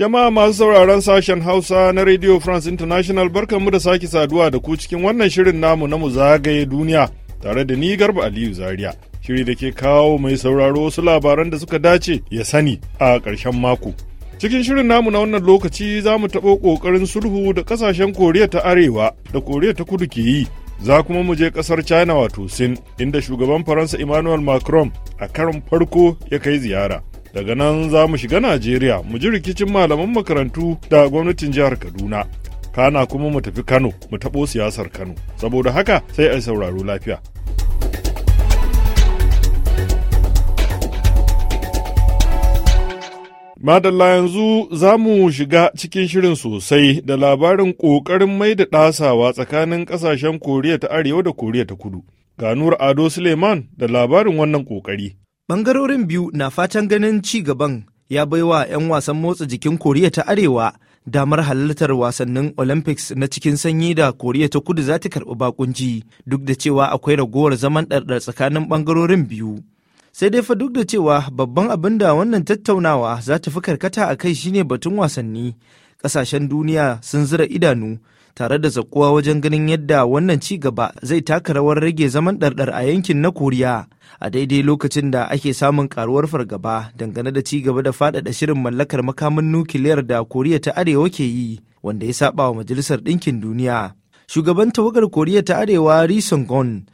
Jama'a masu sauraron sashen Hausa na Radio France International barkanmu da sake saduwa da ku cikin wannan shirin namu na mu zagaye duniya tare da ni Garba Aliyu Zaria. Shiri da ke kawo mai sauraro wasu labaran da suka dace ya sani a ƙarshen mako. Cikin shirin namu na wannan lokaci za mu taɓo ƙoƙarin sulhu da ƙasashen Koriya ta Arewa da Koriya ta Kudu ke yi. Za kuma mu je ƙasar China wato Sin inda shugaban Faransa Emmanuel Macron a karon farko ya kai ziyara. Daga nan za mu shiga Najeriya mu ji rikicin malaman makarantu da gwamnatin jihar Kaduna. Kana kuma mu tafi Kano mu taɓo siyasar Kano. Saboda haka sai a sauraro lafiya. Madalla yanzu za mu shiga cikin shirin sosai da labarin ƙoƙarin mai da ɗasawa tsakanin ƙasashen Koriya ta Arewa da Koriya ta Kudu. Ga Nur Ado Suleiman da labarin wannan ƙoƙari. Ɓangarorin biyu na fatan ganin ci gaban ya baiwa 'yan wasan motsa jikin Koriya ta Arewa damar halartar wasannin Olympics na cikin sanyi da Koriya ta Kudu za ta karɓi bakunci duk da cewa akwai ragowar zaman ɗarɗar tsakanin ɓangarorin biyu. Sai dai fa duk da cewa babban abin da wannan tattaunawa za ta fi karkata a kai shine batun wasanni. Ƙasashen duniya sun zira idanu tare da zakuwa wajen ganin yadda wannan ci gaba zai taka rawar rage zaman ɗarɗar a yankin na koriya a daidai lokacin da ake samun karuwar fargaba dangane da ci gaba da faɗaɗa shirin mallakar makamin nukiliyar da koriya ta arewa ke yi wanda ya saba wa majalisar ɗinkin duniya shugaban tawagar koriya ta arewa ri song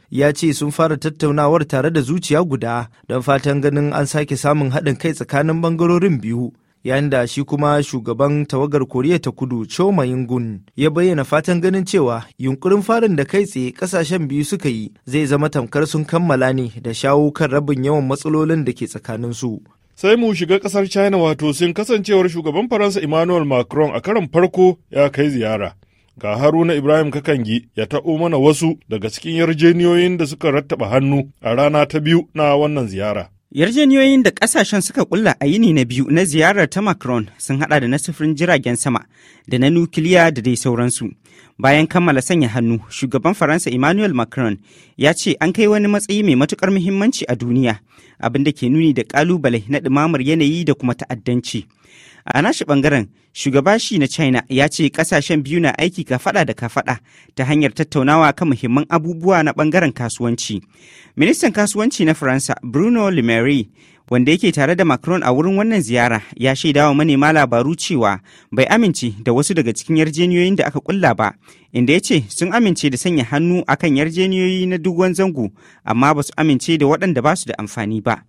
ya ce sun fara tattaunawar tare da zuciya guda don fatan ganin an sake samun haɗin kai tsakanin bangarorin biyu yayin da shi kuma shugaban tawagar koriya ta kudu choma yingun ya bayyana fatan ganin cewa yunkurin farin da kai tsaye kasashen biyu suka yi zai zama tamkar sun kammala ne da shawo kan rabin yawan matsalolin da ke tsakanin su. sai mu shiga kasar china wato sun kasancewar shugaban faransa emmanuel macron a karon farko ya kai ziyara ga haruna ibrahim kakangi ya taɓo mana wasu daga cikin yarjeniyoyin da suka rattaba hannu a rana ta biyu na wannan ziyara Yarjeniyoyin da kasashen suka kulla a yini na biyu na ziyarar ta Macron sun hada da na sufurin jiragen sama da na nukiliya da dai sauransu. Bayan kammala sanya hannu, shugaban Faransa Emmanuel Macron ya ce an kai wani matsayi mai matukar muhimmanci a duniya, abinda ke nuni da kalubale na ɗumamar yanayi da kuma ta'addanci. A nashi bangaren, shugaba shi na China ya ce kasashen biyu na aiki ka fada da ka fada ta hanyar tattaunawa kan muhimman abubuwa na bangaren kasuwanci. Ministan kasuwanci na Faransa, Bruno Le wanda yake tare da Macron a wurin wannan ziyara ya shaida wa manema labaru cewa bai amince da wasu daga cikin yarjeniyoyin da aka kulla ba, inda ya ce sun amince da sanya hannu akan yarjeniyoyi na dugon zango amma ba su amince da waɗanda ba su da amfani ba.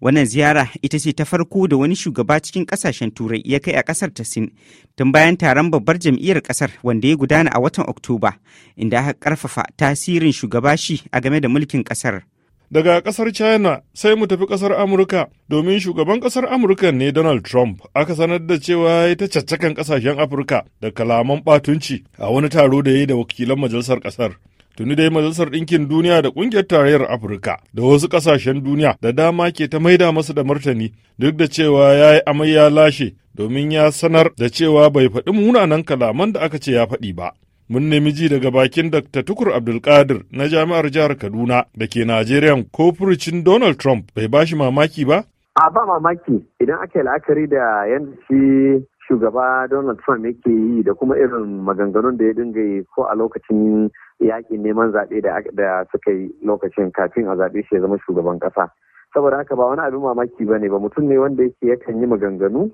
Wannan ziyara ita ce ta farko da wani shugaba cikin kasashen turai ya kai a kasar ta Sin tun bayan taron babbar jam'iyyar kasar wanda ya gudana a watan Oktoba inda aka karfafa tasirin shugaba shi a game da mulkin kasar. Daga ƙasar China sai mu tafi ƙasar Amurka domin shugaban ƙasar Amurka ne Donald Trump aka sanar da cewa ya ta caccakan kasashen Afirka da kalaman batunci a wani taro da ya yi da wakilan majalisar Ƙasar. Tuni dai Majalisar Ɗinkin Duniya da Ƙungiyar Tarayyar Afirka da wasu ƙasashen duniya da dama ke ta maida masa da martani duk da cewa ya yi amai ya lashe domin ya sanar da cewa bai faɗi munanan kalaman da aka ce ya faɗi ba. mun nemi ji daga bakin Dr. Tukur Abdulkadir na Jami'ar Jihar Kaduna da ke Najeriya ko furucin Donald Trump bai ba shi mamaki ba? A ba mamaki idan aka la'akari da yadda shi shugaba Donald Trump yake yi da kuma irin maganganun da ya dinga yi ko a lokacin yakin neman zaɓe da suka yi lokacin kafin a zaɓe shi ya zama shugaban ƙasa. Saboda haka ba wani abin mamaki ba ne ba mutum ne wanda yake yakan yi maganganu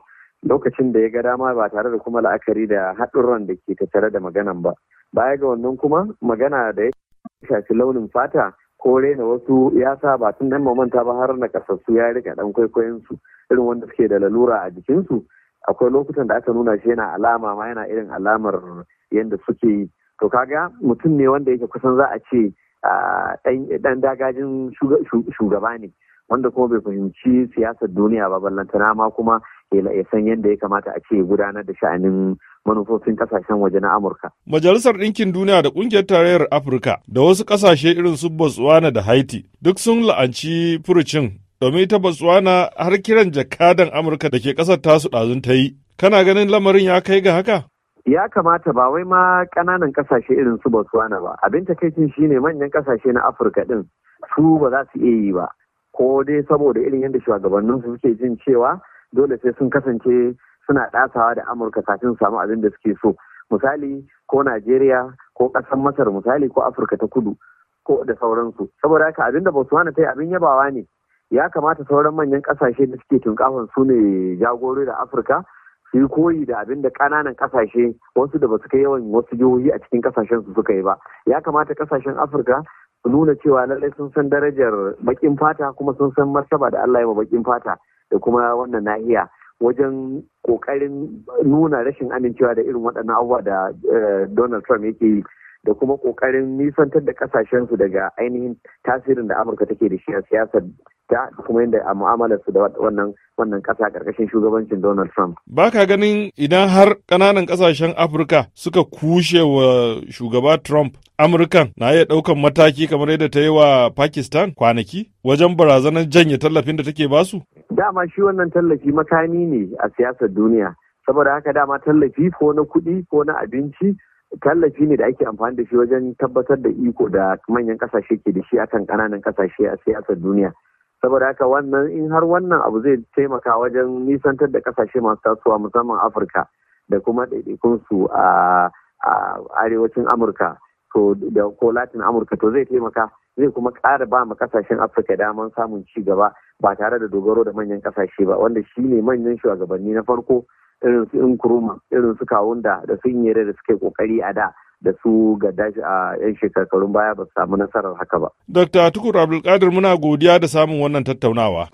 lokacin da ya ga dama ba tare da kuma la'akari da haɗurran da ke tattare da maganan ba baya ga wannan kuma magana da ya shafi launin fata ko rena wasu ya sa ba tun dan mamanta ba har na kasassu ya rika ɗan kwaikwayon su irin wanda suke da lalura a jikinsu akwai lokutan da aka nuna shi yana alama ma yana irin alamar yadda suke yi to kaga mutum ne wanda yake kusan za a ce dan dagajin shugaba ne wanda kuma bai fahimci siyasar duniya ba ballantana ma kuma ya san yadda ya kamata a ce gudanar da sha'anin manufofin kasashen waje na Amurka. Majalisar Ɗinkin Duniya da Ƙungiyar Tarayyar Afirka da wasu ƙasashe irin su Botswana da Haiti duk sun la'anci furucin domin ita Botswana har kiran jakadan Amurka da ke ƙasar tasu ɗazun ta yi. Kana ganin lamarin ya kai ga haka? Ya kamata ba wai ma ƙananan ƙasashe irin su Botswana ba. Abin takaicin shine manyan ƙasashe na Afirka ɗin su ba za su iya yi ba. Ko dai saboda irin yadda shugabanninsu suke jin cewa dole sai sun kasance suna ɗasawa da amurka kafin samu abin da suke so misali ko najeriya ko ƙasar masar misali ko afirka ta kudu ko da sauransu saboda haka abin da botswana ta yi abin yabawa ne ya kamata sauran manyan ƙasashe da suke tunkahon su ne jagorori da afirka su yi koyi da abin da ƙananan ƙasashe wasu da ba su kai yawan wasu jihohi a cikin ƙasashen su suka yi ba ya kamata ƙasashen afirka su nuna cewa lallai sun san darajar baƙin fata kuma sun san martaba da allah ya ma baƙin fata da kuma wannan nahiya wajen kokarin nuna rashin amincewa da irin waɗannan abubuwa da eh, Donald Trump yake yi da kuma kokarin nisantar da kasashensu daga ainihin tasirin da Amurka take da shi a siyasar ta kuma yadda a mu'amalarsu da wannan wannan kasa ƙarƙashin shugabancin Donald Trump. Ba ka ganin idan har ƙananan ƙasashen Afirka suka kushe wa shugaba Trump, Amurkan na iya ɗaukan mataki kamar yadda ta yi wa Pakistan kwanaki wajen barazanar janye tallafin da take basu? dama shi wannan tallafi makami ne a siyasar duniya saboda haka dama tallafi ko na kuɗi ko na abinci tallafi ne da ake amfani da shi wajen tabbatar da iko da manyan kasashe ke da shi akan kananan kasashe a siyasar duniya saboda haka wannan in har wannan abu zai taimaka wajen nisantar da kasashe masu tasowa musamman afirka da kuma ɗaiɗaikun su a arewacin amurka ko latin amurka to zai taimaka zai kuma ƙara ba mu kasashen afirka daman samun ci gaba ba tare da dogaro da manyan kasashe ba wanda shi ne manyan shugabanni na farko irin su nkuruma irin su kawunda da sun yare da suke kokari a da da su ga a yan shekarun baya ba su samu nasarar haka ba. Dr. Tukur Abdulkadir muna godiya da samun wannan tattaunawa.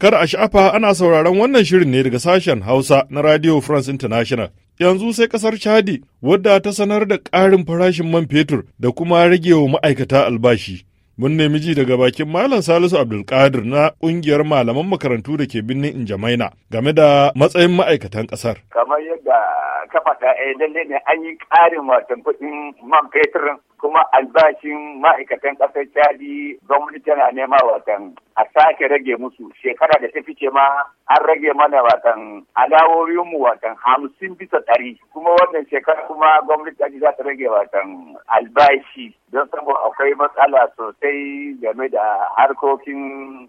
Kar a sha'afa ana sauraron wannan shirin ne daga sashen Hausa na Radio France International. Yanzu sai kasar Chadi wadda ta sanar da ƙarin farashin man fetur da kuma rage wa ma'aikata albashi. Mun nemi ji daga bakin Malam Salisu Abdulkadir na ƙungiyar malaman makarantu da ke birnin Injamaina game da matsayin ma'aikatan ƙasar. Kamar yadda kafa faɗa, eh, lalle ne an yi ƙarin wasan kuɗin man fetur kuma albashin ma'aikatan ƙasar cadi gwamnati tana nema watan a sake rage musu shekara da ta fice ma an rage mana watan alawowinmu watan hamsin bisa ɗari kuma wannan shekara kuma gwamnati za ta rage watan albashi don saboda akwai matsala sosai game da harkokin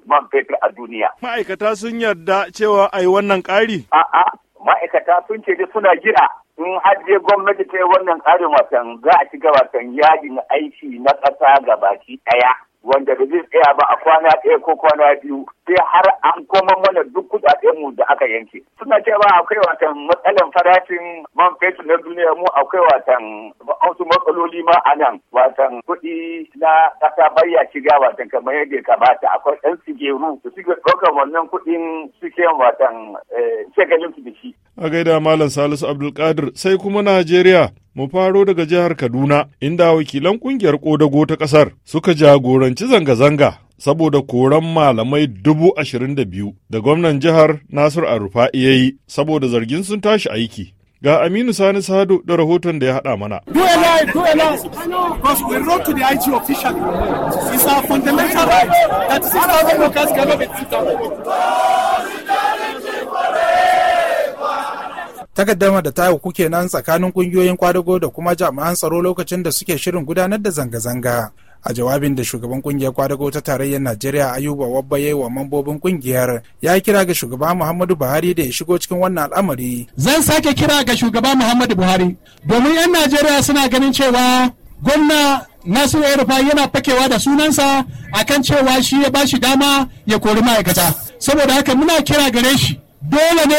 man fetur a duniya. Ma'aikata sun yarda cewa a yi wannan ƙari? A'a, ma'aikata sun ce da suna jira in je gwamnati ta yi wannan karin wasan za a ci gaba wasan yajin aiki na ƙasa ga baki ɗaya. wanda ba zai tsaya ba a kwana ɗaya ko kwana biyu sai har an koma mana duk kuɗaɗen mu da aka yanke suna cewa akwai watan matsalan farashin man fetur na duniya mu akwai watan wasu matsaloli ma a nan watan kuɗi na ƙasa bayya shiga watan kamar yadda ya kamata akwai ɗan sigeru da suke ɗaukar wannan kuɗin suke watan eh, shagalin su da shi. a gaida malam salisu abdulkadir sai kuma najeriya Mu faro daga jihar Kaduna, inda wakilan kungiyar kodago ta kasar suka jagoranci zanga-zanga saboda koran malamai dubu ashirin da biyu da gwamnan jihar Nasir arufa ya yi saboda zargin sun tashi aiki. Ga Aminu Sani Sado da rahoton da ya haɗa mana. Do takaddama da yi kuke nan tsakanin kungiyoyin kwadago da kuma jami'an tsaro lokacin da suke shirin gudanar da zanga-zanga a jawabin da shugaban kungiyar kwadago ta tarayyar najeriya ayuba wabba ya wa mambobin kungiyar ya kira ga shugaba muhammadu buhari da ya shigo cikin wannan al'amari zan sake kira ga shugaba muhammadu buhari domin yan najeriya suna ganin cewa gwamna nasiru rufa yana fakewa da sunansa a kan cewa shi ya bashi dama ya kori ma'aikata saboda haka muna kira gare shi dole ne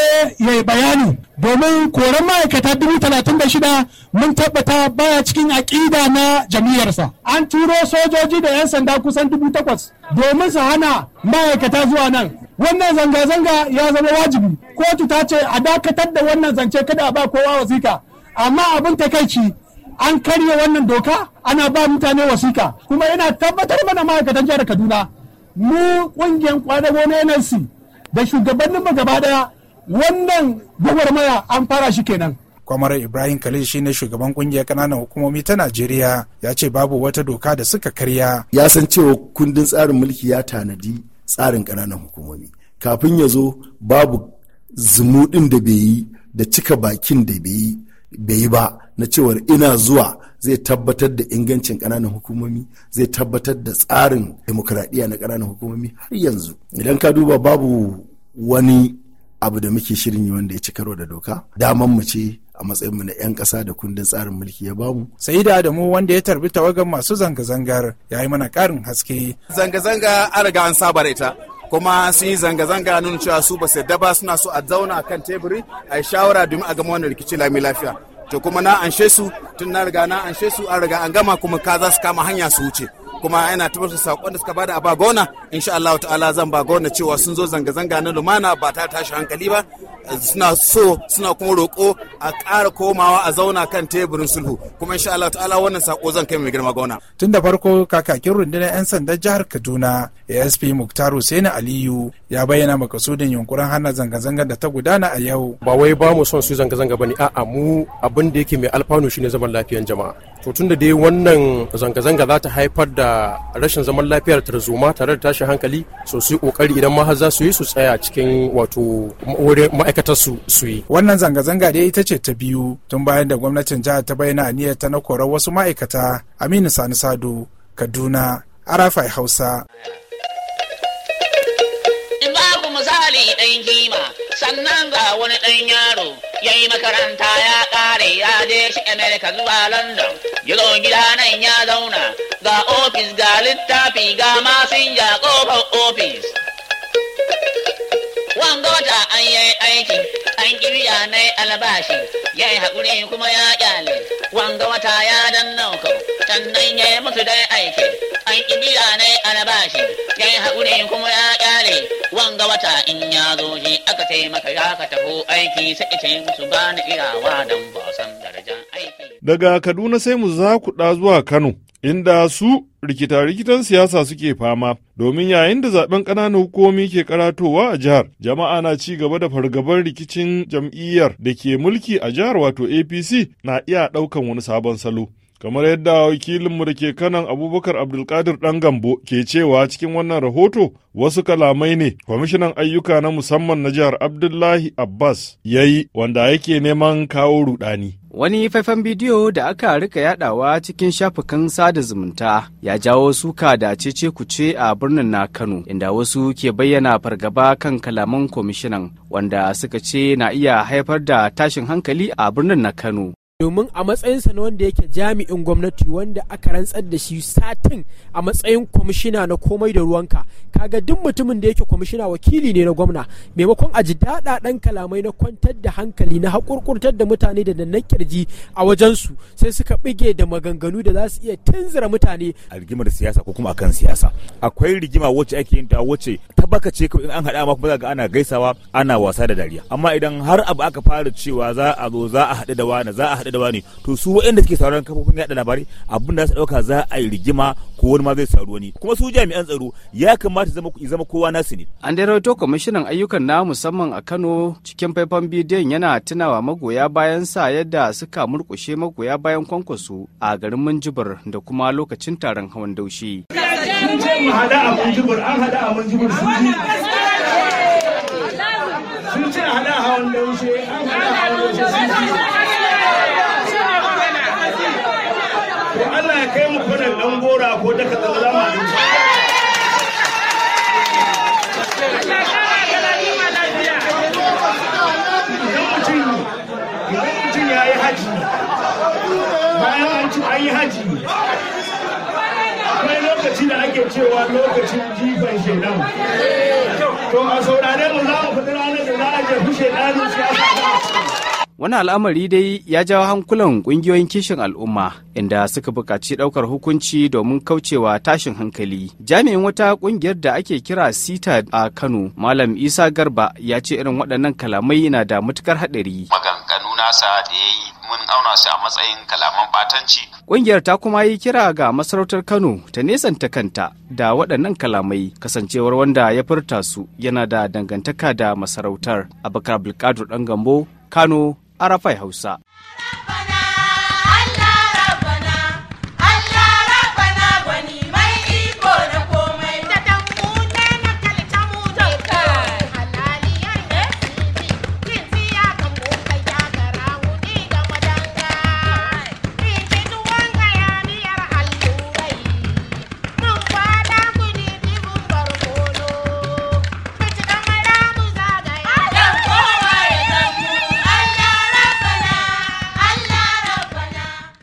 ya yi bayani domin koren ma'aikata dubu talatin da shida mun tabbata baya cikin aƙida na jam'iyyarsa an turo sojoji da 'yan sanda kusan dubu takwas domin su hana ma'aikata zuwa nan wannan zanga-zanga ya zama wajibi kotu ta ce a dakatar da wannan zance kada a ba kowa wasika amma abin takaici an karya wannan doka ana ba mutane wasika kuma yana tabbatar mana ma'aikatan jihar kaduna mu ƙungiyar kwadago na nlc da shugabanninmu gaba ɗaya. wannan gwagwarmaya an fara shi kenan kwamarar ibrahim khalil shine shugaban kungiyar kananan hukumomi ta najeriya ya ce babu wata doka da suka karya ya san cewa kundin tsarin mulki ya tanadi tsarin kananan hukumomi kafin ya zo babu zumuɗin da bai yi da cika bakin da bai yi ba na cewar ina zuwa zai tabbatar da ingancin kananan hukumomi zai tabbatar da tsarin demokradiyya na kananan hukumomi har yanzu idan ka duba babu wani abu da muke shirin yi wanda ya ci karo da doka daman mu ce a matsayin mu na 'yan ƙasa da kundin tsarin mulki ya bamu. sai da adamu wanda ya tarbi tawagan masu zanga-zangar ya yi mana ƙarin haske zanga-zanga an riga an saba ita kuma sun yi zanga-zanga nuna cewa su ba su yadda ba suna so a zauna kan teburi a yi shawara domin a gama wannan rikici lami lafiya to kuma na anshe su tun na riga na anshe su an riga an gama kuma ka za su kama hanya su wuce kuma ina tabbatar sakon da suka bada a bagona insha Allah ta'ala zan bagona cewa sun zo zanga-zanga na lumana ba ta tashi hankali ba suna so suna kuma roko a ƙara komawa a zauna kan teburin sulhu kuma insha Allah ta'ala wannan sako zan kai mai girma gona tun da farko kakakin rundunar 'yan sandan jihar Kaduna asp muktaru hussein aliyu ya bayyana makasudin yunkurin hana zanga-zangar da ta gudana a yau ba wai ba mu son su zanga-zanga bane a mu abin da yake mai alfanu shine zaman lafiyan jama'a to da dai wannan zanga-zanga za ta haifar da rashin zaman lafiyar tarzoma tare da tashin hankali so su kokari idan ma za su yi su tsaya cikin wato wurin ma'aikatar su su yi wannan zanga-zanga dai ita ce ta biyu tun bayan da gwamnatin jihar ta bayyana aniyar ta na korar wasu ma'aikata aminu sani sado kaduna arafai hausa wani ɗan kima sannan ga wani ɗan yaro ya yi makaranta ya ƙare ya je shi amerika zuwa london gizo gida nan ya zauna ga ofis ga littafi ga masu yin ƙofar ofis wanga wata an aiki an kirya na albashi ya yi haƙuri kuma ya ƙyale wanga wata ya dan nauka sannan ya yi musu dai aiki an kirya na albashi ya yi haƙuri kuma ya ƙyale wanga wata in ya zo shi aka taimaka ya ka taho aiki sai ce musu ba ni irawa dan ba san darajar aiki. Daga Kaduna sai mu za ku zuwa Kano inda su rikita-rikitan siyasa suke fama domin yayin da zaben ƙananan hukumomi ke karatowa a jihar jama'a na ci gaba da fargabar rikicin jam'iyyar da ke mulki a jihar wato apc na iya ɗaukan wani sabon salo kamar yadda wakilinmu da ke kanan abubakar abdulkadir dan gambo ke cewa cikin wannan rahoto wasu kalamai ne kwamishinan ayyuka na musamman na jihar abdullahi abbas ya yi wanda yake neman kawo rudani wani faifan bidiyo da aka rika yadawa cikin shafukan sada zumunta ya jawo suka da cece kuce a birnin na kano inda wasu ke bayyana fargaba kan kalaman kwamishinan wanda suka ce na iya haifar da tashin hankali a birnin na kano domin a matsayinsa na wanda yake jami'in gwamnati wanda aka rantsar da shi satin a matsayin kwamishina na komai da ruwanka kaga duk mutumin da yake kwamishina wakili ne na gwamna maimakon a ji kalamai na kwantar da hankali na haƙurƙurtar da mutane da na kirji a wajensu sai suka bige da maganganu da za su iya tunzura mutane a rigimar siyasa ko kuma akan siyasa akwai rigima wacce ake yin ta wacce tabbaka ce in an haɗa ma kuma za ga ana gaisawa ana wasa da dariya amma idan har abu aka fara cewa za a zo za a haɗu da wani za a da ne to su waɗanda suke sauran kafofin yaɗa labarai abin da su ɗauka za a yi rigima ko wani ma zai saru wani kuma su jami'an tsaro ya kamata zama zama kowa nasu ne an dai rawaito kwamishinan ayyukan na musamman a Kano cikin faifan bidiyon yana tunawa magoya bayan sa yadda suka murƙushe magoya bayan kwankwaso a garin Minjibir da kuma lokacin taron hawan daushe sun ce a hada a an hada a sun ce hada hawan daushe an hada hawan daushe dan gora ko ta katsina za mu Idan mutum ya yi haji, bayan an ci an yi haji, akwai lokaci da ake cewa lokacin jifan shaidan. To a saurare mu za mu fita ranar da za a jefi shaidanin siyasa. Wani al'amari dai ya jawo hankulan ƙungiyoyin kishin al'umma inda suka buƙaci ɗaukar hukunci domin kaucewa tashin hankali. Jami'in wata ƙungiyar da ake kira sita a Kano, Malam Isa Garba ya ce irin waɗannan kalamai na da matuƙar haɗari. Maganganu nasa da ya yi mun auna su a matsayin kalaman ɓatanci. Ƙungiyar ta kuma yi kira ga masarautar Kano ta nesanta kanta da waɗannan kalamai kasancewar wanda ya furta su yana da dangantaka da masarautar. Abubakar Abdulkadir Ɗan Gambo, Kano, arafai hausa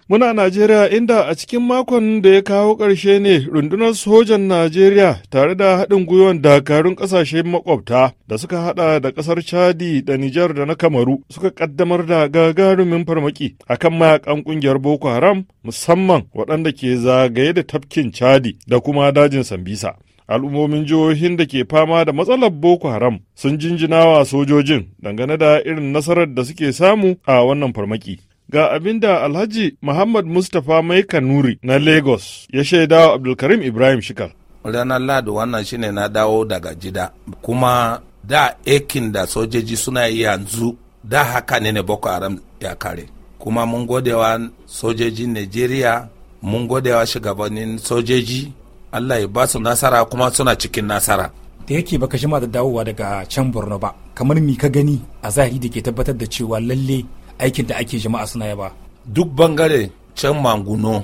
Muna Najeriya inda a cikin makon da ya kawo ƙarshe ne rundunar sojan Najeriya tare da haɗin gwiwan dakarun ƙasashe makwabta da suka haɗa da ƙasar Chadi da Nijar da na Kamaru suka ƙaddamar da gagarumin farmaki a kan mayakan ƙungiyar Boko Haram musamman waɗanda ke zagaye da tafkin Chadi da kuma dajin Sambisa. al'ummomin jihohin da ke fama da matsalar boko haram sun jinjinawa sojojin dangane da irin nasarar da suke samu a wannan farmaki Ga abin da Alhaji Muhammad Mustapha Mai Kanuri na Lagos ya shaida wa Abdulkarim Ibrahim Shikal. Ranar ladu wannan shine na dawo daga jida kuma da aikin da sojoji suna yi yanzu da haka ne ne Boko Haram ya kare. Kuma mun godewa sojojin Najeriya, mun godewa shugabannin sojoji, Allah ya ba su nasara kuma suna cikin nasara. da yake baka shima da dawowa daga can borno ba kamar mi ka gani a zahiri da ke tabbatar da cewa lalle aikin da ake jama'a suna yaba duk bangare can manguno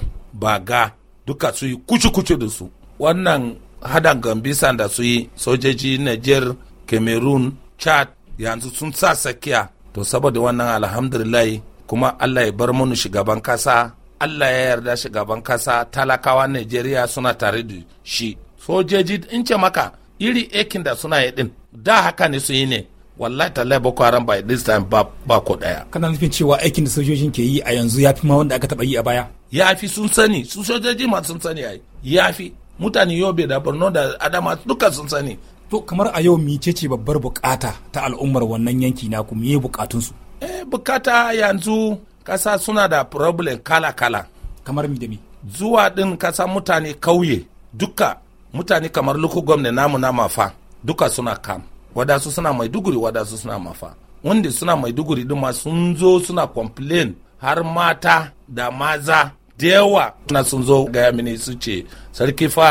ga duka su yi kucu-kucu da su wannan hadan gambisan da su yi sojoji niger cameroon chad yanzu sun sa sakiya to saboda wannan alhamdulillah kuma allah ya bar mu shugaban kasa allah ya yarda shugaban kasa talakawa nigeria suna tare da shi sojoji in ce maka iri aikin da suna yi din da haka ne su yi ne wallahi tallahi boko haram by this time ba ba ko daya kana nufin cewa aikin da sojojin ke yi a yanzu yafi ma wanda aka taba yi a baya yafi sun sani su sojoji ma sun sani ai yafi mutane yobe da borno da adama duka sun sani to kamar a yau mice ce babbar bukata ta al'ummar wannan yanki na kuma yi bukatunsu eh bukata yanzu kasa suna da problem kala kala kamar mi da mi zuwa din kasa mutane kauye duka mutane kamar luku gwamna namu na mafa duka suna kam wadansu suna maiduguri wadansu suna mafa wanda suna maiduguri din ma sun zo suna complain har mata da maza da yawa na sun zo gaya mini su ce sarki fa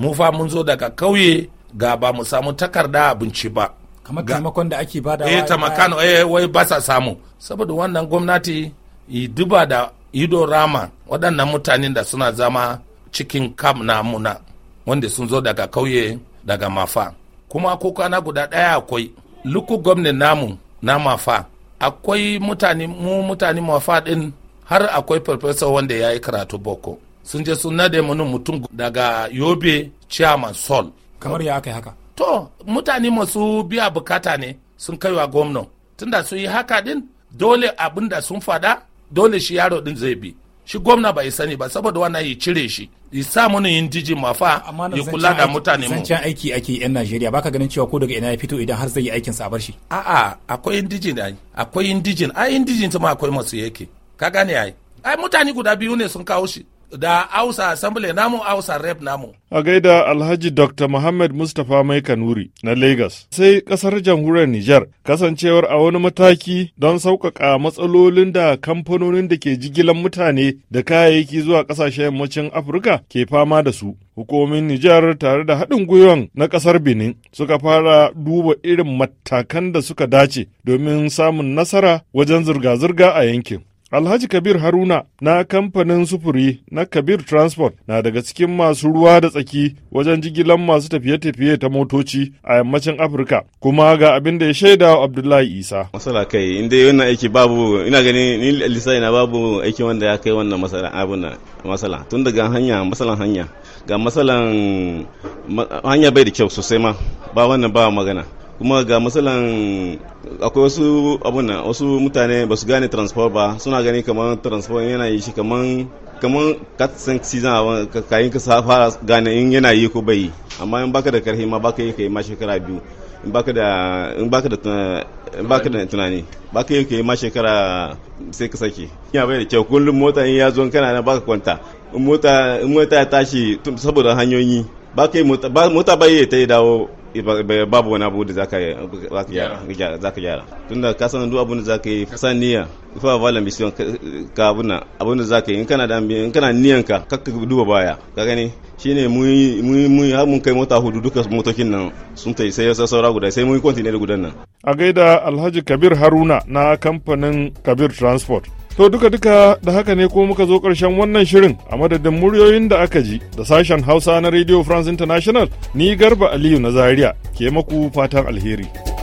mu fa mun zo daga kauye ga ba mu samu takarda abinci ba kamar taimakon da ake bada eh taimakon eh wai ba sa samu saboda wannan gwamnati duba da ido rama waɗannan mutanen da suna zama cikin kam na muna wanda sun zo daga kauye daga mafa kuma ko kwana guda ɗaya akwai luku gwamnan namu na mafa akwai mutane mu mutane mafa ɗin har akwai farfesa wanda ya yi karatu boko sun je sun nade mana mutum daga yobe chairman sol kamar ya aka haka to mutane masu biya bukata ne sun kaiwa gwamnan tunda su yi haka din dole abin da sun fada dole shi yaro din zai bi shi gwamna bai sani ba saboda wannan ya cire shi ya sa mana yin diji mafa ya kula da mutane mu zancen aiki ake yan Najeriya baka ganin cewa ko daga ina ya fito idan har zai yi aikin sa a bar shi a'a akwai yin indijin ai akwai yin diji ai diji ma akwai masu yake ka gane ai ai mutane guda biyu ne sun kawo shi da ausa assembly namu ausa rep namu a gaida alhaji dr muhammad mustapha mai kanuri na lagos sai kasar jamhuriyar niger kasancewar a wani mataki don sauƙaƙa matsalolin da kamfanonin da ke jigilan mutane da kayayyaki zuwa ƙasashen yammacin afirka ke fama da su hukumomin niger tare da haɗin gwiwan na ƙasar benin suka fara duba irin matakan da suka dace domin samun nasara wajen zirga-zirga a yankin Alhaji Kabir Haruna na kamfanin sufuri na Kabir Transport na daga cikin masu ruwa da tsaki wajen jigilan masu tafiye-tafiye ta motoci a yammacin Afirka kuma ga abin da ya shaida wa Abdullahi Isa. Masala kai inda yi wannan aiki babu ina gani ni lisa na babu aiki wanda ya kai wannan masala abin masala tun daga hanya masalan hanya ga masalan hanya bai da kyau sosai ma ba wannan ba magana. kuma ga matsalan akwai wasu abun wasu mutane ba su gane transport ba suna gani kamar transport yana yi shi kamar kamar katsin season kayan ka safa gane in yana yi ko bai amma in baka da karfi ma baka yi kai ma shekara biyu in baka da in baka da in baka da tunani baka yi kai ma shekara sai ka sake ya bai da kyau kullum mota in ya zo kana na baka kwanta in mota in mota ya tashi saboda hanyoyi baka mota ba mota bai ta dawo babu wani abu da za ka gyara tunda ka san duk abun da ka yi san niyya fa vala mission ka abuna abun da ka yi in kana da in kana niyan ka kakka duba baya ka gani shine mun mun har mun kai mota hudu duka motokin nan sun tai sai saura guda sai mun continue da gudan nan a gaida Alhaji Kabir Haruna na kamfanin Kabir Transport To duka-duka da haka ne ko muka zo ƙarshen wannan shirin a madadin muryoyin da aka ji da sashen Hausa na Radio France International ni Garba Aliyu na Zaria ke maku fatan alheri.